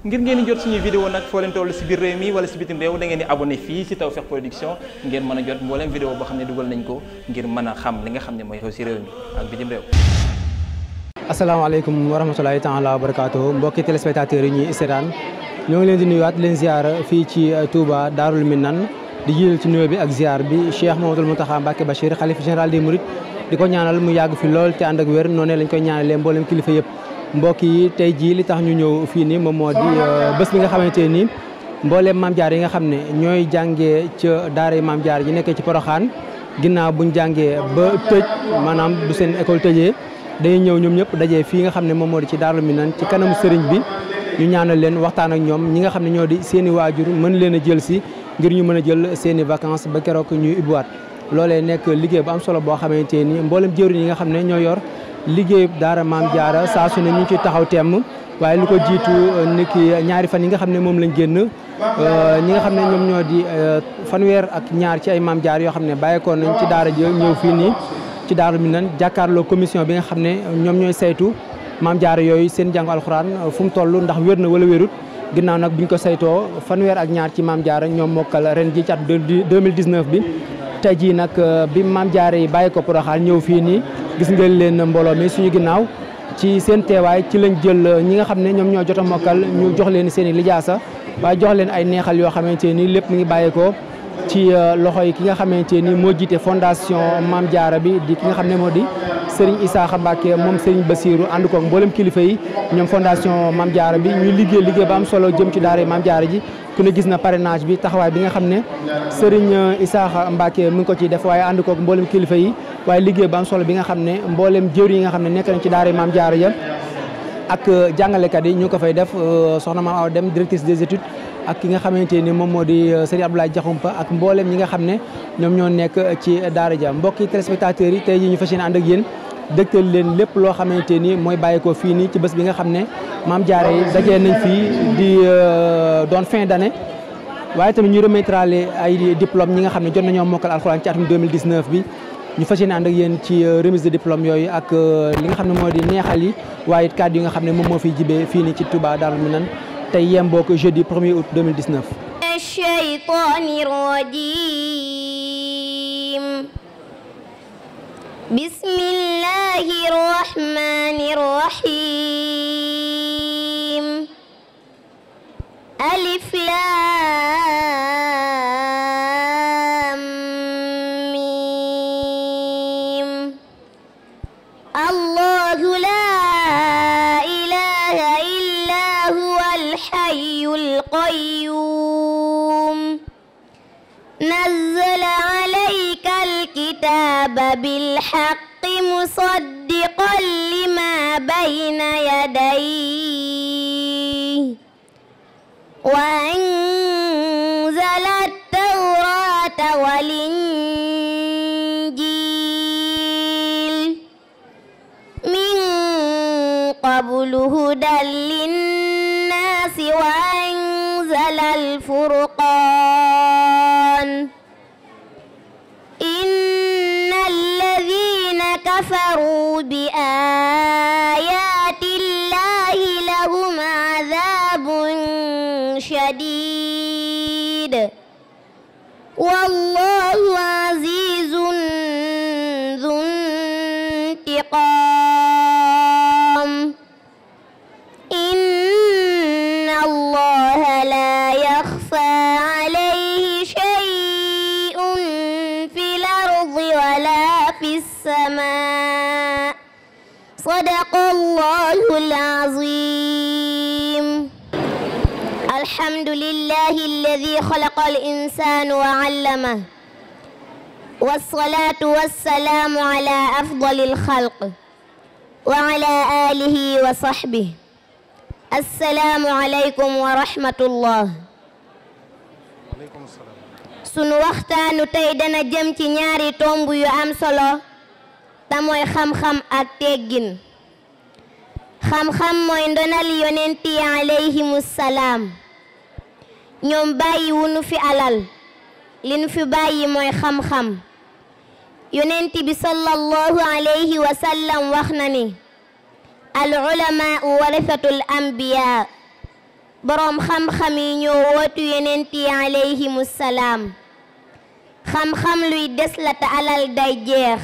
ngir ngeen di jot suñuy vidéo nag foo leen si biir réew mi wala si bitim réew da ngeen di abonné fii si Tawfekh Production ngeen mën a jot mbooleem vidéo boo xam ne dugal nañ ko ngir mën a xam li nga xam ne mooy xew si réew mi ak bitim réew asalaamaaleykum wa rahmatulahi taala wa barakatuh mbokki téléspectateurs yi ñuy seetaan ñoo ngi leen di nuyuwaat leen ziar fii ci uh, Touba Daarul Minan di jiital ci nuyoo bi ak ziar bi Cheikh Mamadou Mountakha Mbacké Bachir xalifa général des Mourides di ko ñaanal mu yàgg fi lool te ànd ak wér noonu lañ koy ñaanalee mboolem kilifa yëpp mbokk yi tey jii li tax ñu ñëw fii nii moom moo di euh, bés bi nga xamante ni mbooleem maam jaar yi nga xam ne ñooy jàngee ca daara maam jaar yi nekkee ci Poroxaan ginnaaw buñ jàngee ba tëj maanaam bu seen école tëjee dañuy ñëw ñoom ñëpp dajee fii nga xam ne moom moo di ci Daaru Minaan ci kanamu sëriñ bi ñu ñaanal leen waxtaan ak ñoom ñi nga xam ne ñoo di seeni waajur mën leen a jël si ngir ñu mën a jël seen i vacances ba keroog ñuy ubbiwaat loolee nekk liggéey bu am solo boo xamante ni mboolem jëwriñ yi nga xam ne ñoo yor liggéey daara maam jaara saa su ne ñu ci taxaw teem waaye lu ko jiitu euh, ni ki euh, ñaari fan yi nga xam ne moom lañ génn euh, ñi nga xam ne ñoom ñoo di fanweer ak ñaar ci ay maam jaar yoo xam ne bàyyeekoon nañ ci daara ji ñëw fii nii ci daar mi nan jàkkaarloo commission bi nga xam ne ñoom ñooy saytu maam jaar yooyu seen jàngu alxuraan fu mu toll ndax wér na wala wérut ginnaaw nag biñ ko saytoo fanweer ak ñaar ci maam jaar ñoom mokkal ren ji ci at 2019 bi tey jii nag euh, bi maam jaare yi bàyyi ko Porokhane ñëw fii nii gis ngeen leen mbooloo mi suñu ginnaaw ci seen teewaay ci lañ jël euh, ñi nga xam ne ñoom ñoo jot a ñu jox leen seen i lijaasa waa jox leen ay neexal yoo xamante ni lépp mu ngi bàyyeekoo ci euh, loxo yi ki nga xamante ni moo jiite fondation Maam Jaara bi di ki nga xam ne moo di Serigne Issakha Mbacké moom Serigne Bassirou ànd koog mboolem kilifa yi ñoom fondation Maam Jaara bi ñu liggéey liggéey ba am solo jëm ci daara Maam Jaara ji ku ne gis na parrainage bi taxawaay bi nga xam ne Serigne Issakha Mbacke mu ngi ko ci def waaye ànd koo mboolem kilifa yi waaye liggéey bu am solo bi nga xam ne mbooleem jëwri yi nga xam ne nekk nañ ci daara Maam Jaara ya ak jàngalekat yi ñu ko fay def euh, soxna Maam Awa Dem directrice des études ak ki nga xamante ni moom moo di euh, Serigne Abdoulaye Diakhoumpa ak mbooleem ñi nga xam ne ñoom ñoo nekk ci daara ja mbokki téléspectateurs yi tey yi ñu fas yéene ànd ak yéen dëgtal leen lépp loo xamante ni mooy bàyyi ko fii nii ci bés bi nga xam ne maam jaare dajee nañ fii di euh, doon fin d'année waaye tamit ñu remettrale ay diplôme ñi nga xam ne jot nañoo mokkal alxuraan ci atum 2019 bi ñu fas yéene ànd ci euh, remise de diplôme yooyu ak euh, li nga xam ne moo di neexal yi waaye it yi nga xam ne moom moo fiy jibee fii nii ci Touba Darou Minane tey yemboo ko jeudi 1er août 2019. بسم الله الرحمن الرحيم ألف لام بالحق مصدقا لما بين يديه وأنزل التوراة والإنجيل من قبل هدى كفروا بآيات الله لهم عذاب شديد والله sadaqallahul aziim alhamdulillahi alladi xalaqal insaana wa allamahu wassalaatu wassalaamu ala afdalil xalq wa ala alihi wa sahbihi assalaamu aleykum wa rahmatullah sunu waxtaanu tey dana jëm ci ñaari tomb yu am solo te mooy xam-xam ak teggin xam-xam mooy ndonal yonent yi alayhimu ñoom bàyyi wunu fi alal li nu fi bàyyi mooy xam-xam yonent bi sallallahu alayhi wa wax na ni al ulamaau warasatul ambiyaa boroom xam-xam yi ñoo wootu yonent yi alayhimu xam-xam luy des la te alal day jeex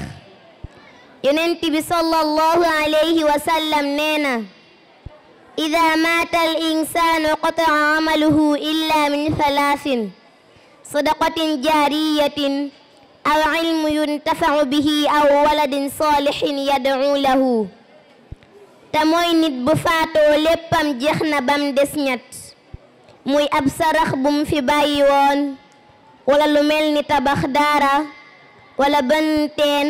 yonent bi sallallahu alayhi wa sallam ida maata al insaanu qataa amaluhu illa min thalathin sadaqatin jaariyatin aw ilmu yuntafacu bihi aw waladin saalixin yadcu lahu te mooy nit bu faatoo léppam bam des ñett muy ab sarax bum fi bàyyi woon wala lu mel ni wala banteen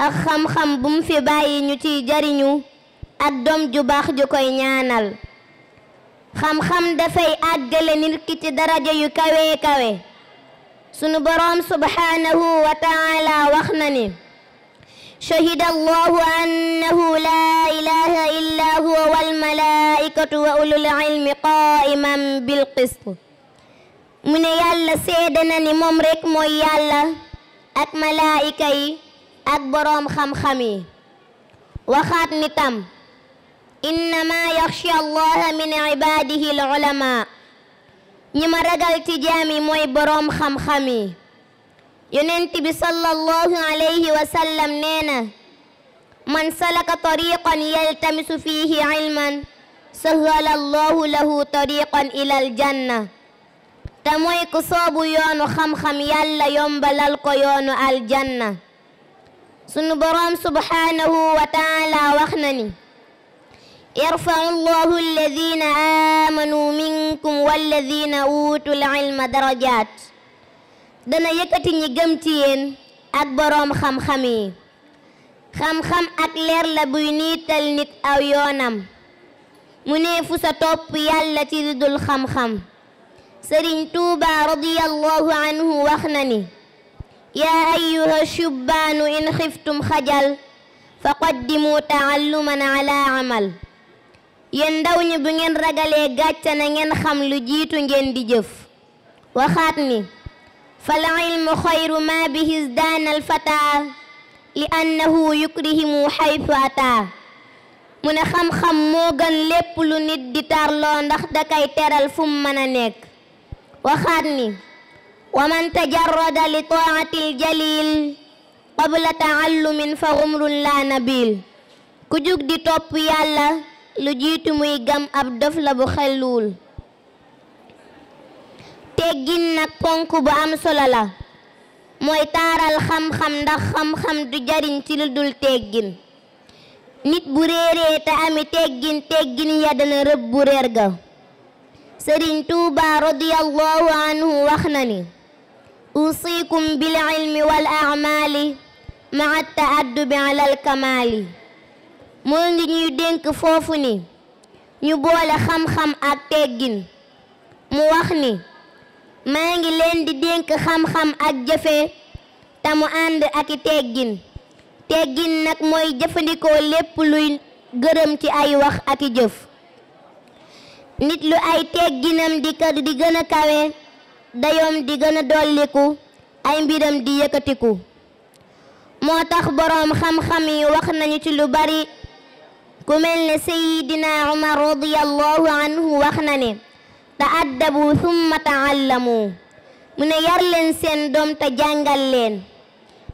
ak xam-xam bu mu fi bàyyi ñu ciy jariñu ak doom ju baax ju koy ñaanal xam-xam dafay àggale nit daraja yu kawe-kawe sunu boroom subhaanahu wa taala wax na ni shahida allahu la ilaha illa huwa wal malaikatu wa ulul ilmi qaiman bil qist mu ne yàlla seede na moom rekk mooy yàlla ak malaayika ak boroom xam-xam yi waxaat ni tam innama yaxsha ma ragal ci jaam yi mooy xam-xam yi yonent bi sallallahu alayhi wa man salaka tariqan yaltamisu fihi ilman sahala allahu lahu tariqan ila al janna te mooy ku xam-xam yàlla yombalal ko yoonu aljanna sunu boroom subhaanahu wa taala wax na ni yarfau allahu alladina aamanu minkum walladina utul ilma darajat dana yëkkati ñi gëm ci yéen ak boroom xam-xam yi xam-xam ak leer la buy niital nit aw yoonam mu ne fu sa topp yàlla ci dudul xam-xam sëriñ tuuba radiyallahu anhu wax na ni يا أيها الشبان إن خفتم خجل فقدموا تعلما على عمل yéen ndaw ñi bu ngeen ragalee gàcce ngeen xam lu jiitu ngeen di jëf waxaat ni fal ilmu xayru ma bihi izdaana alfataa li annahu yukrihimu xaytu ataa mu ne xam-xam moo gën lépp lu nit di tarloo ndax da kay teral fu mën a nekk waxaat ni ومن تجرد لطاعة الجليل قبل تعلم فغمر لا نبيل ku jug di topp yàlla lu jiitu muy gam ab dof la bu xelluwul teggin nag ponk bu am solo mooy taaral xam-xam ndax xam-xam du jariñ ci lu dul teggin nit bu réeree te ami teggin teggin ya rëbb bu réer ga Sëriñ Tuuba radiyallahu anhu wax na ni أوصيكم بالعلم والأعمال مع التأدب على الكمال moo ngi ñuy dénk foofu ni ñu boole xam-xam ak teggin mu wax ni maa ngi leen di dénk xam-xam ak jëfe te mu ànd ak i teggin teggin nag mooy jëfandikoo lépp luy gërëm ci ay wax ak i jëf nit lu ay tegginam di kër di gën kawe dayoom di gën a dolliku ay mbiram di yëkkatiku moo tax boroom xam-xam yi wax ci lu bari ku mel ne sayidina umar radiyallahu anhu wax na ne ta'addabu thumma ta'allamu mu ne yar leen seen doom te jàngal leen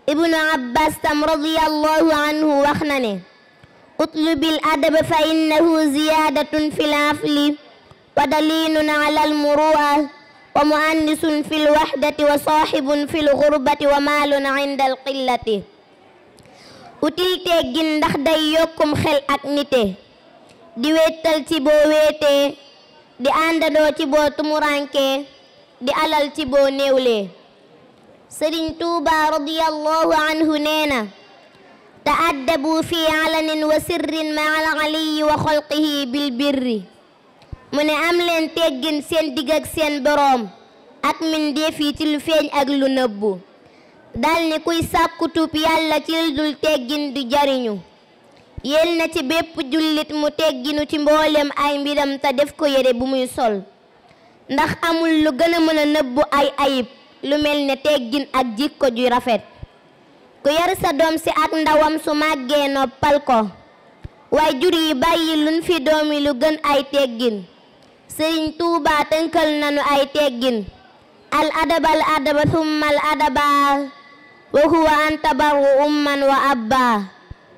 ibnu abbas tam anhu wax na ne utlubil adaba fa innahu ziyadatun fil afli wa dalilun ala al wa muannisun fi lwaxdati wa saaxibun fi lgurbati wa maalun inda alqillati utilité gin yokkum xel ak di wéetal ci boo wéetee di àndandoo ci boo tumuranke di alal ci boo néewle sëriñ tuuba radiyallahu anhu nee taaddabu fi alanin wa sirrin ma al aliyi wa xolqihi bil birri mu ne am leen teggin seen digg ak seen boroom ak mbindéef yi ci lu feeñ ak lu nëbbu dal ni kuy sàkku tuub yàlla ci lu dul teggin du jariñu yéel na ci bépp jullit mu tegginu ci mboolem ay mbiram te def ko yére bu muy sol ndax amul lu gën a mën a nëbbu ay ayib lu mel ne teggin ak jikko ju rafet ku yar sa doom si ak ndawam su màggee noppal ko waaye jur yi bàyyi luñ fi doomi lu gën ay teggin sëriñ tuuba tënkal nanu ay teggin al adaba adaba thumma al adaba wa huwa an tabarru umman wa abba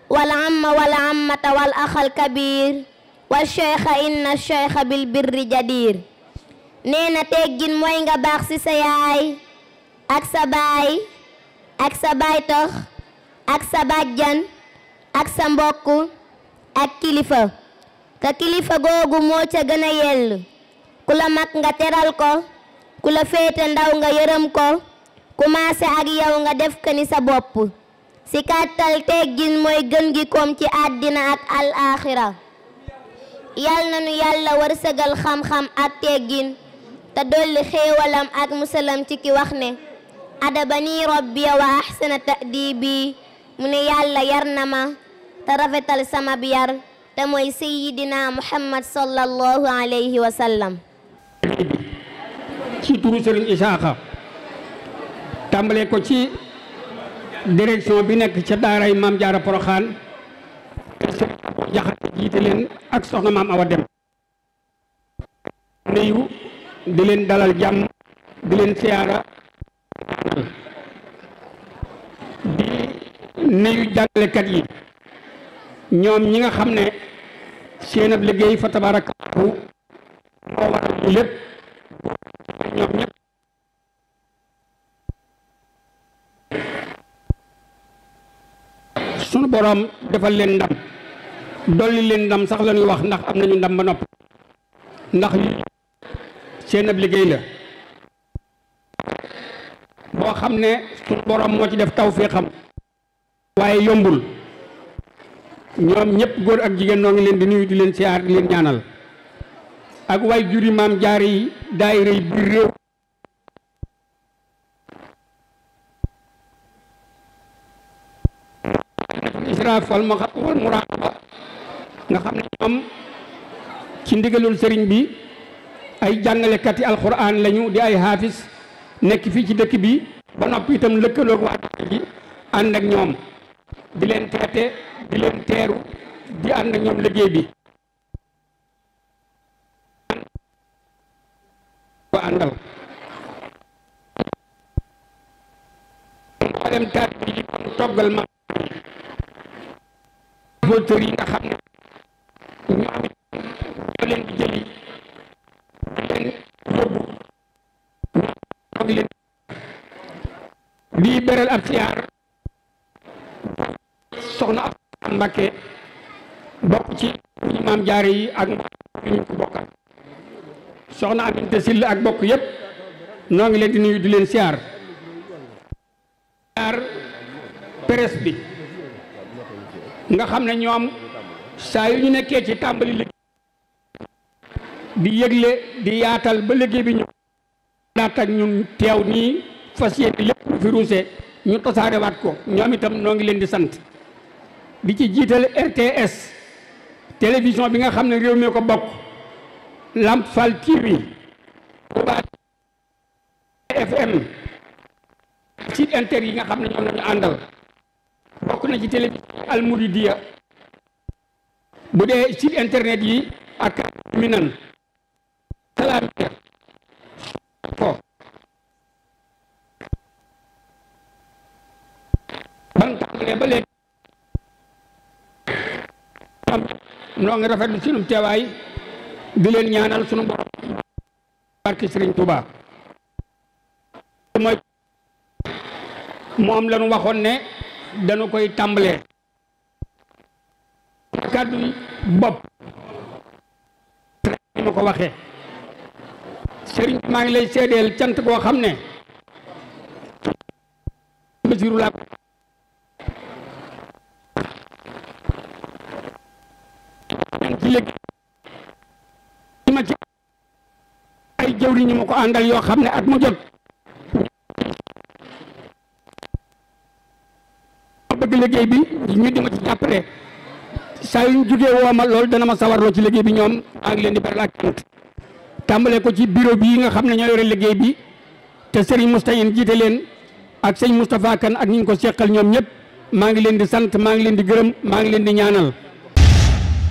wal amma wal ammata wal axal kabir wal cheikha inna cheikha bil birri jadir nee na teggin mooy nga baax ci sa yaay ak sa baay ak sa baay ak sa bàjjan ak sa mbokk ak kilifa te kilifa googu moo ca gën a yell ku la mag nga teral ko ku la féete ndaw nga yërëm ko commencé ak yow nga def ko bopp si kàttal teggin mooy gën gi koom ci àddina ak al yal na nu yàlla wërsëgal xam-xam ak teggin te dolli xéewalam ak musalam ci ki wax ne adabani rabbiya wa ahsana ta'dibi mu ne yàlla yar na ma te rafetal sama bi yar te mooy sayidina muhammad sallallahu alayhi wa sallam ci turu sëriñ Isaaxa tàmbale ko ci direction bi nekk ca daaray maam jaara poroxaan jaxate jiite leen ak soxna maam awa dem nuyu di leen dalal jàmm di leen siyaara di nuyu jàngalekat yi ñoom ñi nga xam ne seen ab liggéey fa tabaarakallaahu moo waral li lépp ñoom ñëpp boroom defal leen ndam dolli leen ndam sax la ñuy wax ndax am nañu ndam ba nopp ndax seen liggéey la boo xam ne sunu boroom moo ci def tawféexam waaye yombul ñoom ñépp góor ak jigéen noo ngi leen di nuyu di leen siyaar di leen ñaanal ak waay juri maam jaare yi daayira yi biir réew nga xam ne ñoom ci ndigalul sëriñ bi ay jàngalekati alquran lañu di ay haafis nekk fii ci dëkk bi ba noppi itam lëkkaloog waa bi ànd ak ñoom di leen traité di leen teeru di ànd ñoom liggéey bi ko àndal moo dem taat bi yi kon toggal ma volteur yi nga xam ne ñoom ñoo leen jëli di leen yóbbu ñoo leen di beral ab siyaar soxna am Mbakke bokk ci ñu maam jaare yi ak ñu ko bokkal soxna Aminta Sill ak bokk yépp noo ngi leen di nuyu di leen siyaar siyaar presse bi nga xam ne ñoom saa yu ñu nekkee ci tàmbali liggéey di yëgle di yaatal ba liggéey bi ñu daat ak teew nii fas yéene lépp fi ruuse ñu tasaarewaat ko ñoom itam noo ngi leen di sant di ci jiital RTS télévision bi nga xam ne réew mi ko bokk Lamp Fall TV Touba FM site inter yi nga xam ne ñoom lañu àndal bokk na ci télévision Al Mouridiya bu dee site internet yi ak minan salaamiya ko ba léegi am noo ngi rafetlu sunu teewaay di leen ñaanal sunu borom barki Sëriñ Tuubaa mooy moom lañu waxoon ne dañu koy tàmbalee kàddu bopp ma ko waxee sëriñ maa ngi lay seedeel cant koo xam ne basiru laa léegi ma ci ay jëwri ñi ma ko àndal yoo xam ne at mu jot ma bëgg bi ñu di saa yu ñu jugee woo ma loolu dana ma sawarloo ci liggéey bi ñoom maa ngi leen di beral ak cant tàmbale ko ci bureau bii nga xam ne ñoo yore liggéey bi te Serigne Moustahine jiite leen ak sëñ Moustapha Kane ak ñi ñu ko seqal ñoom ñëpp maa ngi leen di sant maa ngi leen di gërëm maa ngi leen di ñaanal